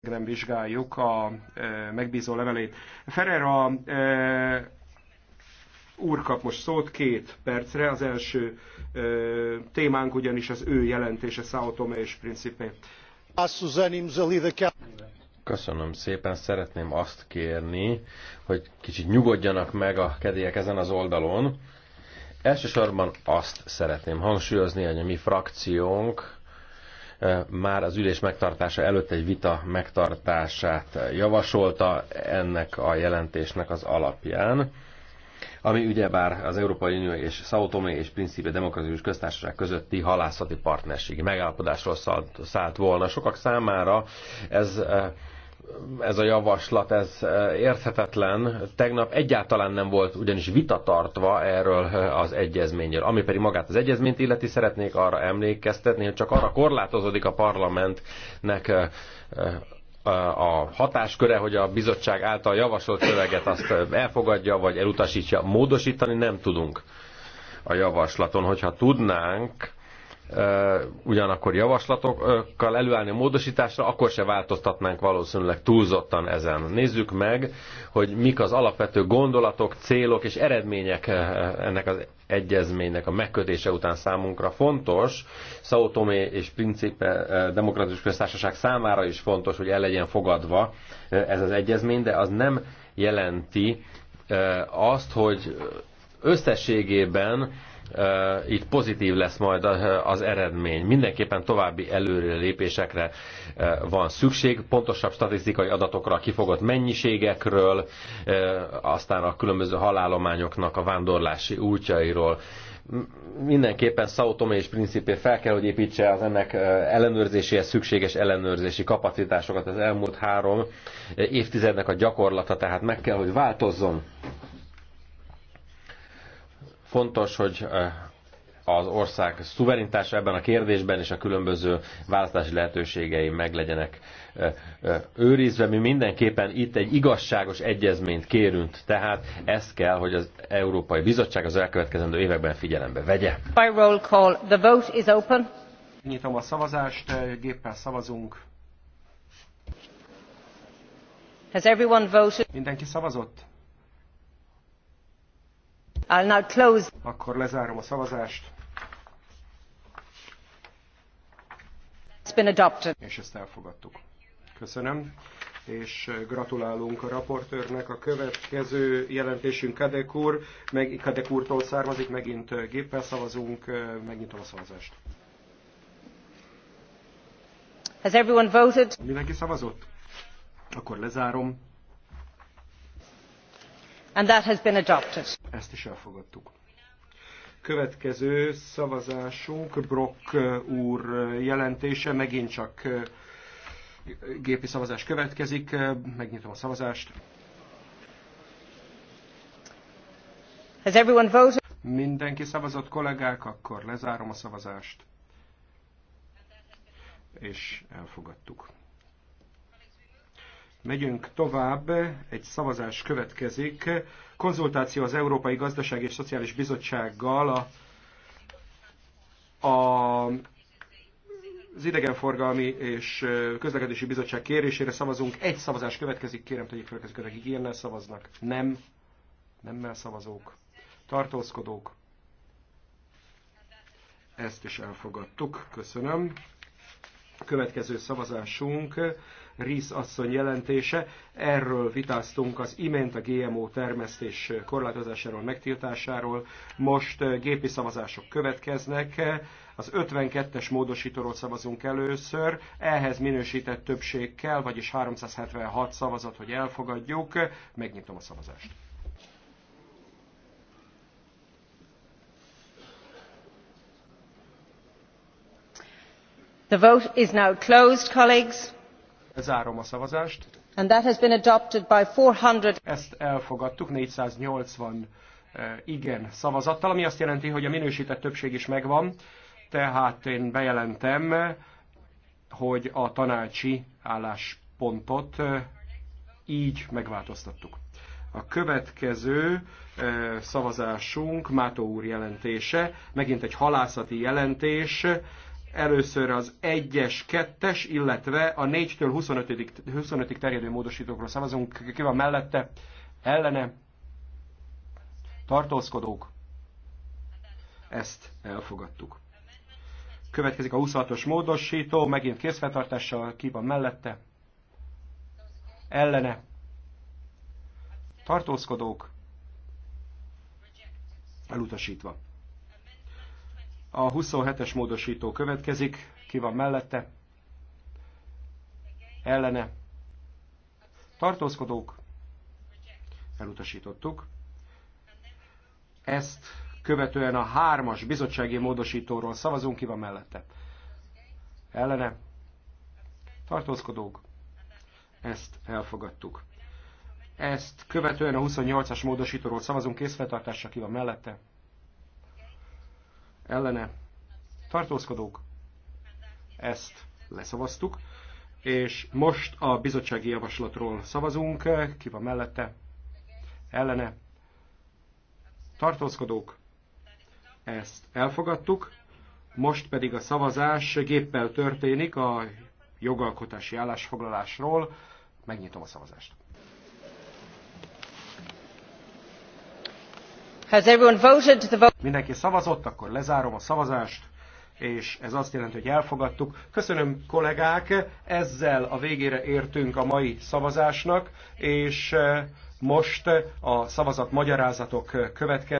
nem vizsgáljuk a megbízó levelét. Ferrer a e, úr kap most szót két percre, az első e, témánk ugyanis az ő jelentése Sao Tome és Principe. Köszönöm szépen, szeretném azt kérni, hogy kicsit nyugodjanak meg a kedélyek ezen az oldalon. Elsősorban azt szeretném hangsúlyozni, hogy a mi frakciónk Eh, már az ülés megtartása előtt egy vita megtartását javasolta ennek a jelentésnek az alapján ami ugyebár az Európai Unió és Szautomé és Principe Demokratikus Köztársaság közötti halászati partnerségi megállapodásról szállt, szállt volna. Sokak számára ez eh, ez a javaslat, ez e, érthetetlen. Tegnap egyáltalán nem volt ugyanis vita tartva erről e, az egyezményről. Ami pedig magát az egyezményt illeti, szeretnék arra emlékeztetni, hogy csak arra korlátozódik a parlamentnek e, a hatásköre, hogy a bizottság által javasolt szöveget azt elfogadja, vagy elutasítja, módosítani nem tudunk a javaslaton. Hogyha tudnánk, ugyanakkor javaslatokkal előállni a módosításra, akkor se változtatnánk valószínűleg túlzottan ezen. Nézzük meg, hogy mik az alapvető gondolatok, célok és eredmények ennek az egyezménynek a megkötése után számunkra fontos. Sao Tomé és Principe Demokratikus Köztársaság számára is fontos, hogy el legyen fogadva ez az egyezmény, de az nem jelenti azt, hogy összességében így pozitív lesz majd az eredmény. Mindenképpen további előre lépésekre van szükség, pontosabb statisztikai adatokra, kifogott mennyiségekről, aztán a különböző halálományoknak a vándorlási útjairól. Mindenképpen Szautomé és Principé fel kell, hogy építse az ennek ellenőrzéséhez szükséges ellenőrzési kapacitásokat. Az elmúlt három évtizednek a gyakorlata tehát meg kell, hogy változzon Fontos, hogy eh, az ország szuverenitása ebben a kérdésben és a különböző választási lehetőségei meg legyenek eh, eh, őrizve. Mi mindenképpen itt egy igazságos egyezményt kérünk, tehát ezt kell, hogy az Európai Bizottság az elkövetkezendő években figyelembe vegye. By roll call. The vote is open. Nyitom a szavazást, géppel szavazunk. Has everyone voted? Mindenki szavazott? I'll now close. Akkor lezárom a szavazást. It's been adopted. És ezt elfogadtuk. Köszönöm és gratulálunk a raportőrnek. A következő jelentésünk Kadek úr, meg, Kadek úrtól származik, megint géppel szavazunk, megnyitom a szavazást. Has everyone voted? Mindenki szavazott? Akkor lezárom and that has been adopted. Ezt is elfogadtuk. Következő szavazásunk Brock eh, úr eh, jelentése, megint csak eh, gépi szavazás következik. Megnyitom a szavazást. Has everyone voted? Mindenki szavazott kollégák, akkor lezárom a szavazást. És elfogadtuk. Megyünk tovább, egy szavazás következik. Konzultáció az Európai Gazdaság és Szociális Bizottsággal a, a, az Idegenforgalmi és Közlekedési Bizottság kérésére szavazunk. Egy szavazás következik, kérem tegyék fel következőket, akik ilyennel szavaznak. Nem, nemmel szavazók, tartózkodók. Ezt is elfogadtuk, köszönöm következő szavazásunk Rész asszony jelentése. Erről vitáztunk az imént a GMO termesztés korlátozásáról, megtiltásáról. Most eh, gépi szavazások következnek. Az 52-es módosítóról szavazunk először. Ehhez minősített többség kell, vagyis 376 szavazat, hogy elfogadjuk. Megnyitom a szavazást. The vote is now closed, colleagues. Lezárom a szavazást. And that has been adopted by 400... Ezt elfogadtuk 480 eh, igen szavazattal, ami azt jelenti, hogy a minősített többség is megvan, tehát én bejelentem, hogy a tanácsi álláspontot eh, így megváltoztattuk. A következő eh, szavazásunk Mátó úr jelentése, megint egy halászati jelentés, Először az 1-es, 2-es, illetve a 4-től 25-ig 25 terjedő módosítókról szavazunk. Ki van mellette? Ellene? Tartózkodók? Ezt elfogadtuk. Következik a 26-os módosító, megint készfeltartással, ki van mellette? Ellene? Tartózkodók? Elutasítva. A 27-es módosító következik. Ki van mellette? Ellene. Tartózkodók. Elutasítottuk. Ezt követően a hármas bizottsági módosítóról szavazunk. Ki van mellette? Ellene. Tartózkodók. Ezt elfogadtuk. Ezt követően a 28-as módosítóról szavazunk. Készfeltartásra ki van mellette? ellene tartózkodók, ezt leszavaztuk, és most a bizottsági javaslatról szavazunk, ki van mellette, ellene tartózkodók, ezt elfogadtuk, most pedig a szavazás géppel történik a jogalkotási állásfoglalásról. Megnyitom a szavazást. Mindenki szavazott, akkor lezárom a szavazást és ez azt jelenti, hogy elfogadtuk. Köszönöm kollégák, ezzel a végére értünk a mai szavazásnak, és eh, most eh, a szavazat magyarázatok eh, következnek.